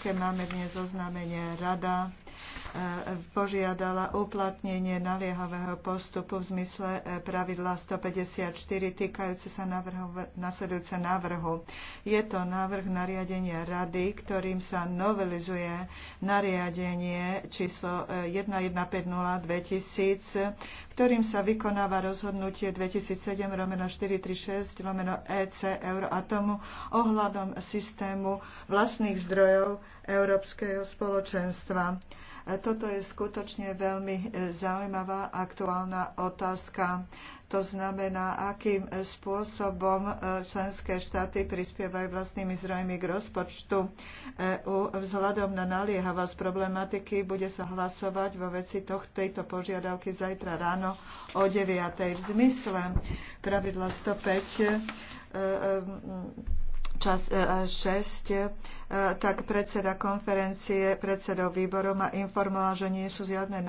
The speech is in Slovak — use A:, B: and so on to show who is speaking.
A: Ďakujem, máme dnes oznámenie rada požiadala uplatnenie naliehavého postupu v zmysle e, pravidla 154 týkajúce sa navrhov nasledujúce návrhu. Je to návrh nariadenia Rady, ktorým sa novelizuje nariadenie číslo 1150-2000, e, ktorým sa vykonáva rozhodnutie 2007 romeno 436 romeno EC Euroatomu ohľadom systému vlastných zdrojov Európskeho spoločenstva. E, toto je skutočne veľmi e, zaujímavá aktuálna otázka. To znamená, akým e, spôsobom členské štáty prispievajú vlastnými zdrojmi k rozpočtu EU. Vzhľadom na naliehavosť problematiky bude sa hlasovať vo veci tejto požiadavky zajtra ráno o 9. v zmysle pravidla 105 čas 6, e, e, e, tak predseda konferencie, predsedov výboru ma informoval, že nie sú žiadne